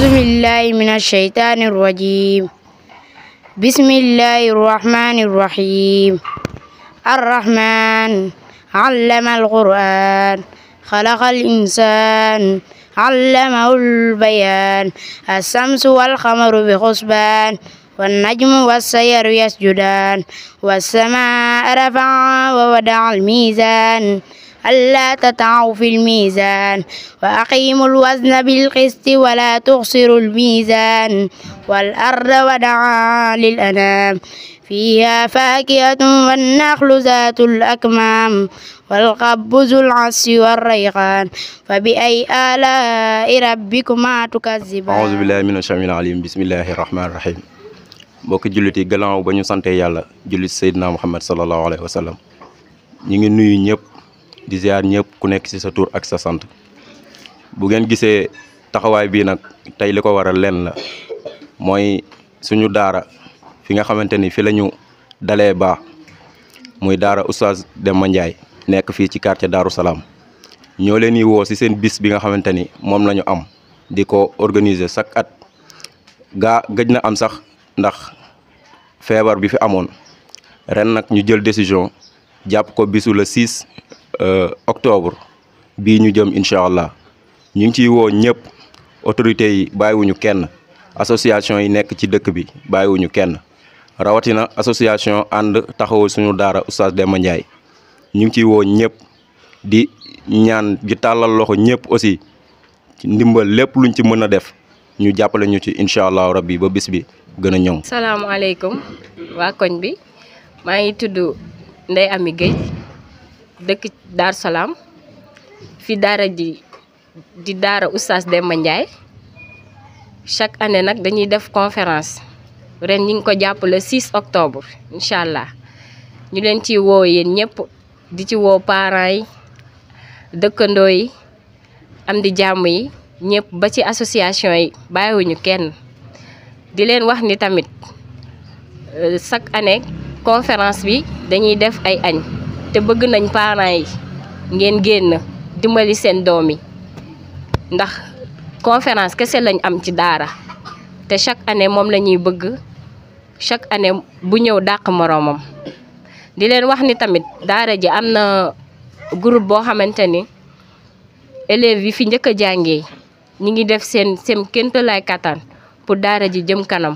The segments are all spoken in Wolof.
أعوذ بالله من الشيطان الرجيم بسم الله الرحمن الرحيم الرحمن علم القرآن خلق الإنسان علمه البيان الشمس والقمر بحسبان والنجم والسير يسجدان والسماء رفعها ووضع الميزان ألا تطعوا في الميزان وأقيموا الوزن بالقسط ولا تخسروا الميزان والأرض وضعها للأنام فيها فاكهة والنخل ذات الأكمام والقب ذو العص والريحان فبأي آلاء ربكما تكذبان أعوذ بالله من الشيطان العليم بسم الله الرحمن الرحيم mbokki jullit yi gannaaw ba ñu sante yàlla jullit Seydina Muhammad sallallahu alayhi wa sallam ñu ngi nuyu ñëpp di ziar ñëpp ku nekk ci sa tuur ak sa sant bu ngeen gisee taxawaay bii nag tey li ko waral lenn la mooy suñu daara fi nga xamante ni fi lañu ñu dalee baax muy daara oustaz Demba Ndiaye nekk fii ci quartier Daaru Salaam ñoo leen yi woo ci seen bis bi nga xamante ni moom lañu am di ko organiser chaque at gaa gëj na am sax ndax feebar bi fi amoon ren nag ñu jël décision jàpp ko bisu le 6 Euh, octobre bii ñu jëm incha allah ñu ngi ciy woo ñëpp autorités yi bàyyiwuñu kenn association yi nekk ci dëkk bi bàyyiwuñu kenn rawatina association ànd taxawal suñu daara oustaz Demba ñu ngi ciy woo ñëpp di ñaan di tàllal loxo ñëpp aussi ndimbal lépp luñ ci mën a def ñu jàppale ñu ci incha allah rabbi ba bis bi gën a ñoŋ. salaamaaleykum waa koñ bi maa ngi tudd Ndeye Amy Guèye dëkk Daaru Salaam fi daara ji di daara oustaz Demba Ndiaye chaque année nag dañuy def conférence ren ñi ngi ko jàpp le 6 octobre allah ñu leen ci woo yéen ñëpp di ci woo parents yi dëkkandoo yi am di jàmm yi ñëpp ba ci association yi bàyyiwuñu kenn di leen wax ni tamit euh, chaque année conférence bi dañuy def ay añ te bëgg nañ parents yi ngeen génn dimbali seen doom yi ndax conférence kese lañ am ci daara te chaque année moom lañuy bëgg chaque année bu ñëw dàq moroomam di leen wax ni tamit daara ji am na groupe boo xamante ni élèves yi fi njëkk a jàngee ñi ngi def seen seen kéemtalaay kattan pour daara ji jëm kanam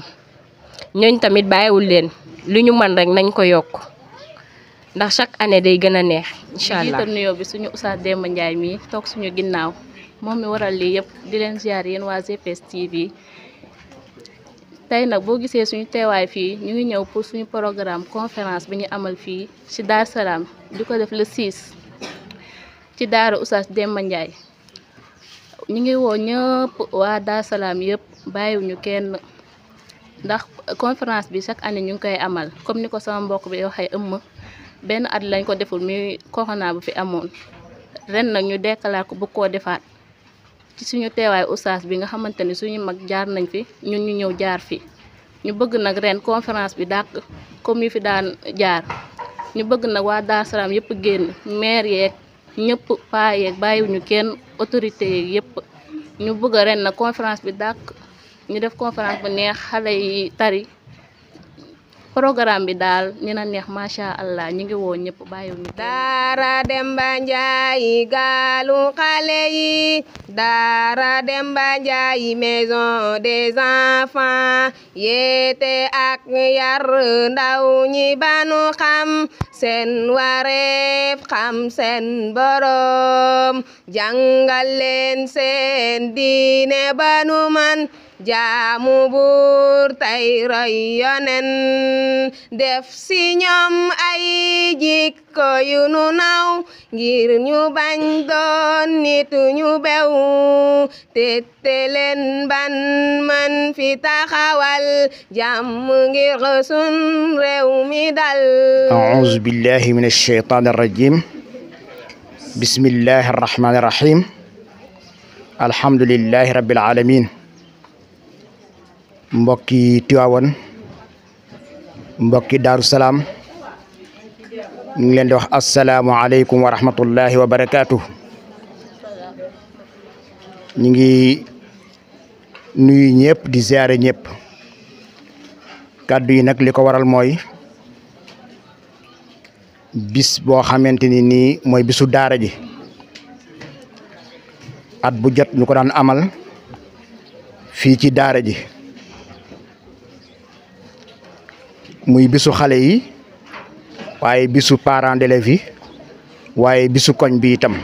ñooñ tamit bàyyiwul leen lu ñu mën rek nañ ko yokk ndax chaque année day gën a neex incha allah jiital nuyoo bi suñu Oustaz Demba Ndiaye mii toog suñu ginnaaw moom mi waral lii yëpp di leen ziar yéen waa GPS TV tey nag boo gisee suñu teewaay fii ñu ngi ñëw pour suñu programme conférence bi ñu amal fii ci Dar Salaam di ko def le 6 ci daara Oustaz Demba Ndiaye ñu ngi woo ñëpp waa Dar Salaam yëpp bàyyiwuñu kenn ndax conférence bi chaque année ñu ngi koy amal comme ni ko sama mbokk bi waxee ëmm benn at lañ ko deful muy corona bu fi amoon ren nag ñu dekkalaat ko bu koo defaat ci suñu teewaay oustaz bi nga xamante ni suñu mag jaar nañ fi ñun ñu ñëw jaar fi ñu bëgg nag ren conférence bi dàq comme yu fi daan jaar ñu bëgg nag waa Darou Salam yëpp génn maire yeeg ñëpp paa yeeg bàyyiwuñu kenn autorité yeeg yëpp ñu bëgg ren nag conférence bi dàq ñu def conférence bu neex xale yi tari programme bi daal dina neex macha allah ñu ngi woo ñëpp bàyyiwuñu daara Demba Ndiaye gaalu xale daara Demba Ndiaye maison des enfants yéete ak yar ndaw ñi banu xam seen wareef xam seen borom jàngal seen diine banu man jaamu buur tey roy def si ñoom ay jikko yu nu naw ngir ñu bañ doon nitu ñu bew te leen ban man fi taxawal jàmm ngir sun réew mi dal auzu billahi min ash-shaytaan ar-rajiim bismillahi ar mbokki Tiwaawan mbokki Daaru Salaam ñu ngi leen di wax asalaamualeykum wa rahmatullahi wa barakaatu ñu ngi nuyu ñëpp di ziare ñëpp kàddu yi nag li ko waral mooy bis boo xamante ni nii mooy bisu daara ji at bu jot ñu ko daan amal fii ci daara ji muy bisu xale yi waaye bisu parents d'élèves yi waaye bisu koñ bi itam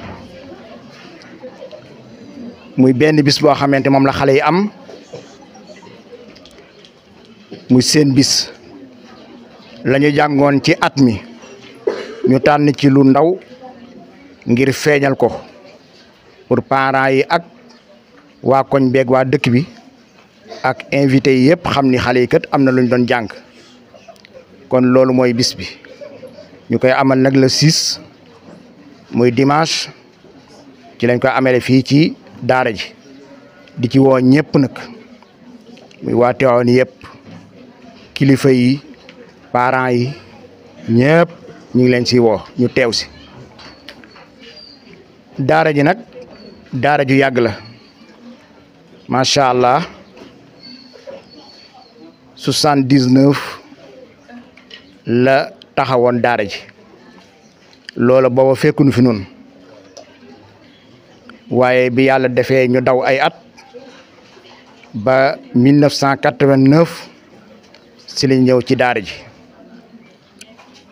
muy benn bis boo xamante moom la xale yi am muy seen bis la jàngoon ci at mi ñu tànn ci lu ndaw ngir feeñal ko pour parents yi ak waa koñ beeg waa dëkk bi ak invité yi yëpp xam ni xale yi kat am na lu doon jàng kon loolu mooy bis bi ñu koy amal nag la 6 muy dimanche ci lañ koy amele fii ci daara ji di ci woo ñëpp nag muy waa Tiwaawan yëpp kilifa yi parents yi ñëpp ñu ngi leen si woo ñu teew si daara ji nag daara ju yàgg la allah la taxawoon daara ji loola booba fekkunu fi nun waaye bi yàlla defee ñu daw ay at ba 1989 si lañ ñëw ci daara ji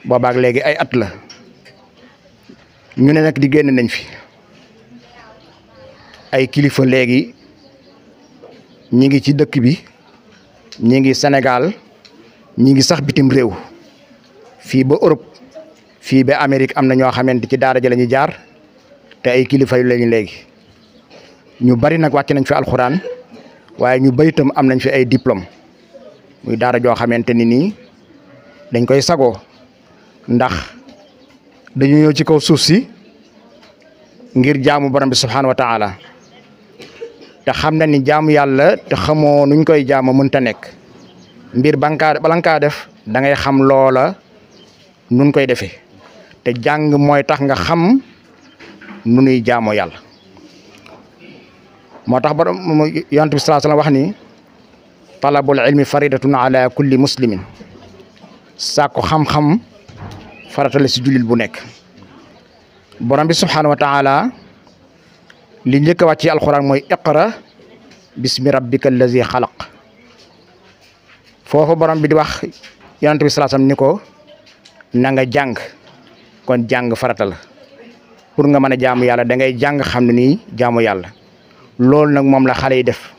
boobaak léegi ay at la ñu ne nag di génn nañ fi ay kilifa léegi ñi ngi ci dëkk bi ñi ngi senegal ñi ngi sax bitim réew fii bo Europe fii ba Amérique am na ñoo xamante ci daara ji la jaar te ay kilifa yu léegi ñu bari nag wàcc nañ fi alxuraan waaye ñu bari itam am nañ fi ay diplôme muy daara joo xamante ni nii dañ koy sagoo ndax dañu ñëw ci kaw suuf si ngir jaamu borom bi subhaanahu wa te xam na ni jaamu yàlla te xamoo nuñ koy jaamu mënta nekk mbir bankaa bala def da xam loola nun koy defee te jàng mooy tax nga xam nu nuy jaamoo yàlla moo tax ba yonent bi sallallahu alayhi wasallam wax ni talabul ilmi faridatun ala kulli muslimin sàkku xam-xam farata la si jullit bu nekk borom bi subhaanahu wa li njëkk a wàcc ci alquran mooy iqra bismi rabbika allazi xalaq foofu borom bi di wax yant bi sallallahu alayhi na nga jàng kon jàng farata la pour nga mën a jaamu yàlla da ngay jàng xam ne nii jaamu yàlla loolu nag moom la xale yi def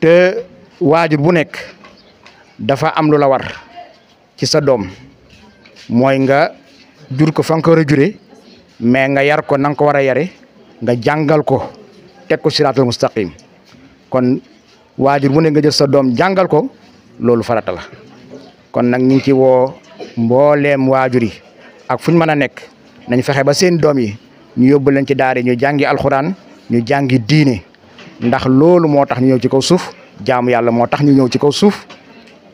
te waajur bu nekk dafa am lu la war ci sa doom mooy nga jur ko fa nga ko war a juré mais nga yar ko na nga ko war a yare nga jàngal ko teg ko siraatal mustaqim kon waajur bu ne nga jël sa doom jàngal ko loolu farata la kon nag ñu ngi ci woo mbooleem waajur yi ak fu ñu mën a nekk nañ fexe ba seen doom yi ñu yóbbu leen ci daara ñu jàngi alxuraan ñu jàngi diine ndax loolu moo tax ñu ñëw ci kaw suuf jaamu yàlla moo tax ñu ñëw ci kaw suuf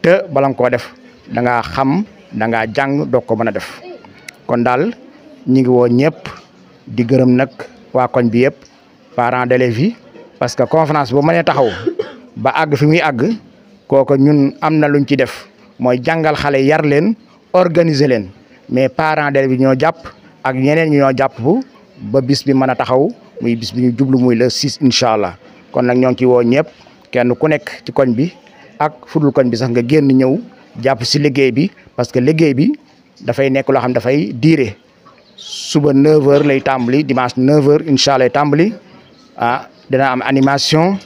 te bala nga koo def da xam da jàng doog ko mën a def kon daal ñu ngi woo ñëpp di gërëm nag waa koñ bi yëpp parents d'élèves yi parce que conférence bu mënee taxaw ba àgg fi muy àgg kooku ñun am na luñ ci def. mooy jàngal xale yar leen organiser leen mais parents d'élèves bi ñoo jàpp ak ñeneen ñi ñoo jàpp ba bis bi mën a taxaw muy bis jublu muy la 6 incha allah kon nag ñoo ngi ci woo ñëpp kenn ku nekk ci koñ bi ak fudul koñ bi sax nga génn ñëw jàpp si liggéey bi parce que liggéey bi dafay nekk loo xam dafay diire suba 9h lay tàmbali dimanche 9h incha allah tàmbali ah dina am animation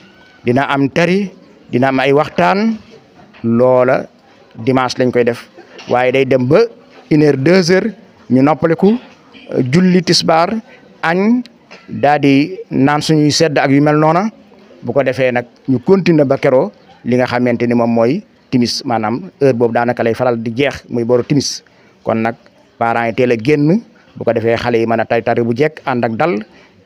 dina am tari dina am ay waxtaan loola. dimanche lañ koy def waaye day dem ba une heure deux heures ñu noppaleku julli tisbaar añ daal di naan suñuy sedd ak yu mel noona bu ko defee nag ñu continuer ba kero li nga xamante ni moom mooy timis maanaam heure boobu daanaka lay faral di jeex muy boru timis kon nag parent yi teel a génn bu ko defee xale yi mën a tari tari bu jekk ànd ak dal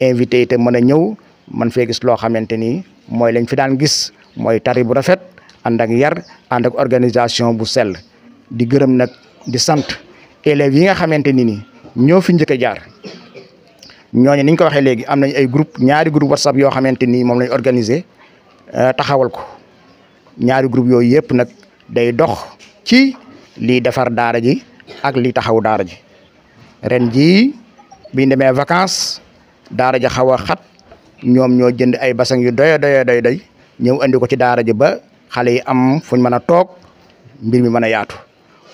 invité yi te mën a ñëw man fee gis loo xamante ni mooy lañ fi daan gis mooy tari bu rafet ànd ak yar ànd ak organisation bu sell di gërëm nag di sant élèves yi nga xamante ni nii ñoo fi njëkk jaar ñooñu ni ñu ko waxee léegi am nañ ay groupe ñaari groupe whatsapp yoo xamante ni moom lañ organiser euh, taxawal ko ñaari groupe yooyu yëpp nag day dox ci lii defar daara ji ak lii taxaw daara ji ren jii biñ demee vacances daara ji xaw a xat ñoom ñoo jënd ay basang yu doy doy doy doy ñëw ko ci daara ji ba xale yi am fuñ mën a toog mbir mi mën a yaatu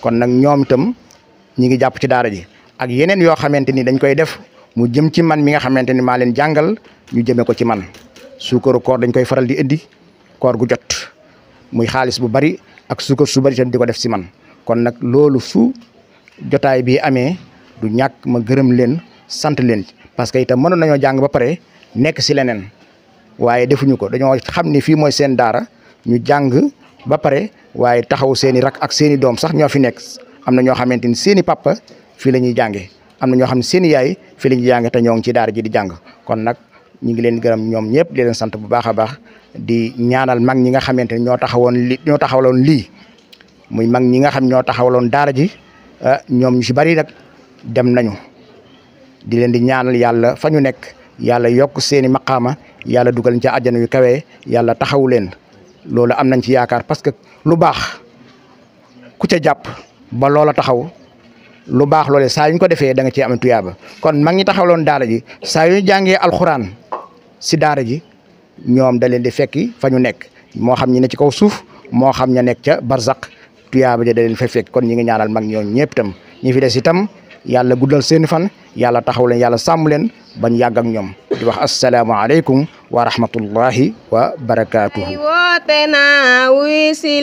kon nag ñoom itam ñi ngi jàpp ci daara ji ak yeneen yoo xamante ni dañ koy def mu jëm ci man mi nga xamante ni maa leen jàngal ñu jëmee ko ci man suukar koor dañ koy faral di indi koor gu jot muy xaalis bu bari ak suukar su bari itam di ko def si man kon nag loolu su jotaay bi amee du ñàkk ma gërëm leen sant leen parce que itam mënoon nañoo jàng ba pare nekk si leneen waaye defuñu ko dañoo xam ni fii mooy seen daara ñu jàng ba pare waaye taxawu seen i rak ak seeni doom sax ñoo fi nekk am na ñoo xamante ni seen i papa fii la ñuy jàngee am na ñoo xam ne seen i yaay fii la ñuy jàngee te ñoo ngi ci daara ji di jàng kon nag ñu ngi leen gërëm ñoom ñëpp di sant bu baax a baax di ñaanal mag ñi nga xamante ni ñoo taxawoon li ñoo taxawaloon lii muy mag ñi nga xam ñoo taxawaloon daara ji ah, ñoom ñu si bari nag dem nañu di leen di ñaanal yàlla fa ñu nekk yàlla yokk seen i maqaama yàlla dugal ci àjjana yu kawe yàlla taxawu leen. loolu am nañ ci yaakaar parce que lu baax ku ca jàpp ba loola taxaw lu baax loole saa yuñ ko defee da nga cee am tuyaaba kon mag ñi taxawloon daara ji saa jàngee alxuraan si daara ji ñoom da leen di fekki fa ñu nekk moo xam ñi ne ci kaw suuf moo xam ña nekk ca barzak tuyaaba ja da leen fa fekk kon ñi ngi ñaanal mag ñoom ñëpp tam ñi fi des itam yàlla guddal seeni fan yàlla taxaw leen yàlla sàmm leen bañ yàgg ak ñoom. di wax asalaamaaleykum wa rahmatullahi wa barakaatuhu woote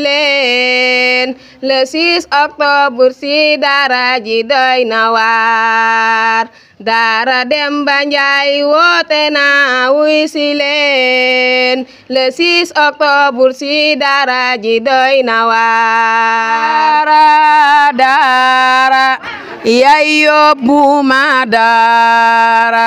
leen le 6 octobre si daara ji doy na waar daara Demba Njaay woote naa wuy leen le 6 octobre si daara ji doy na waar daara yay ma daara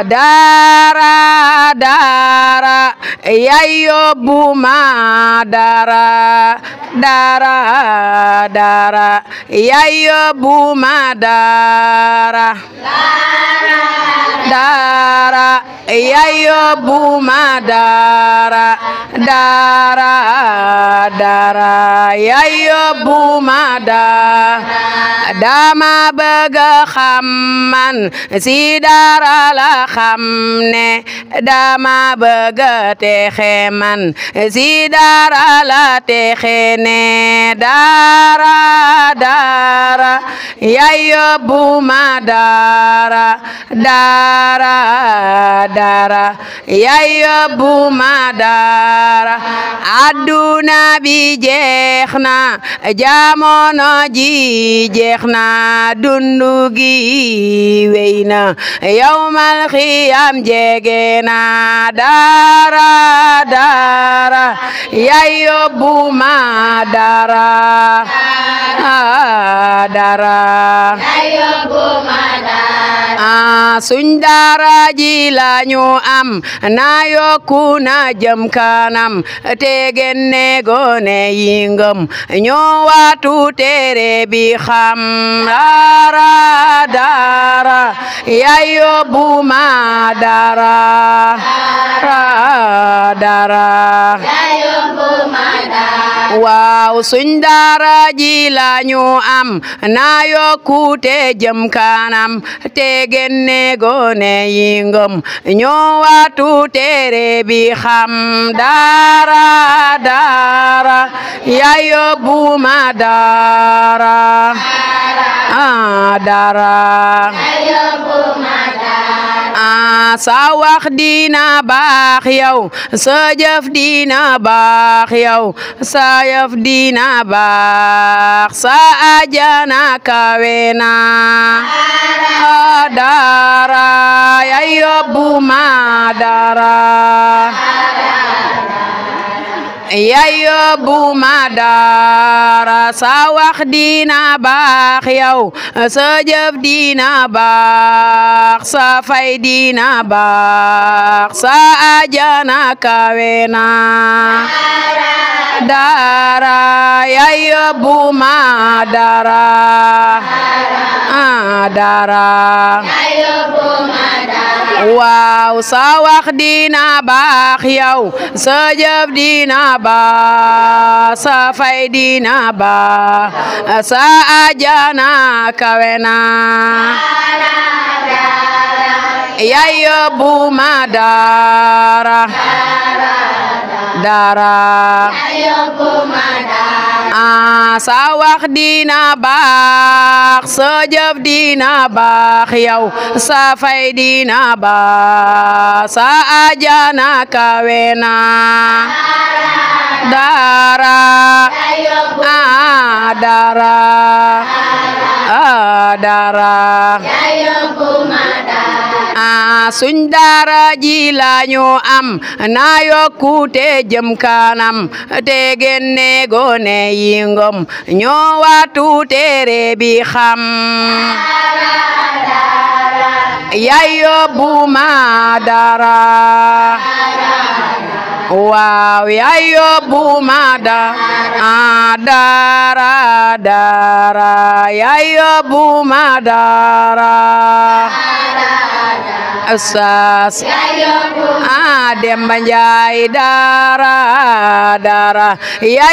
daara daara yaay ma daara daara daara yaay ma daara dara dara ya yóbbu ma daa dama bëgg xam si dara la xam ne dama bëgg si dara la texe ne dara dara ma dara dara dara ya ma dara dara adduna bi na jamono ji jeex na dundu gi wey na yawmal xiyam jege na dara dara yay ma dara ah, ma dara suñ daara ji lañu am na yokku na jëm kanam te genne gone yi ngëm ñoo waatu tere bi xam daara daara yaay yóbbu ma daara daara waaw suñ daara ji lañu am na yokkute jëm kanam te genne gone yi ngëm ñoo watu tere bi xam daara daara ya yóbbu ma daara ah, daara sa wax dina baax yow sa jëf dina baax yow sa yëf dina baax sa ajana kawena dara ya yóbbu ma dara yayóbbu ma dara sa wax dina baax yow sa jëf dina baax sa fay dina baax sa ajana kawena dara yayóbbu ma dara ah, dara waaw sa wax dina baax yaw sa jëf dina baax sa fay dina baax sa ajana kawena ya yóbbu ma ma dara ah sa wax dina baax sa jëf dina baax yow sa fay dina baax sa ajana kawe dara ah dara. suñ daara ji lañu am na yokkute jëm kaanam te génne gone yi ngom ñoo waatu téere bi xam yayo bu ma dara waaw yayo ma dara dara yayo ma dara ustaas a ah, Demba Njaay dara dara ya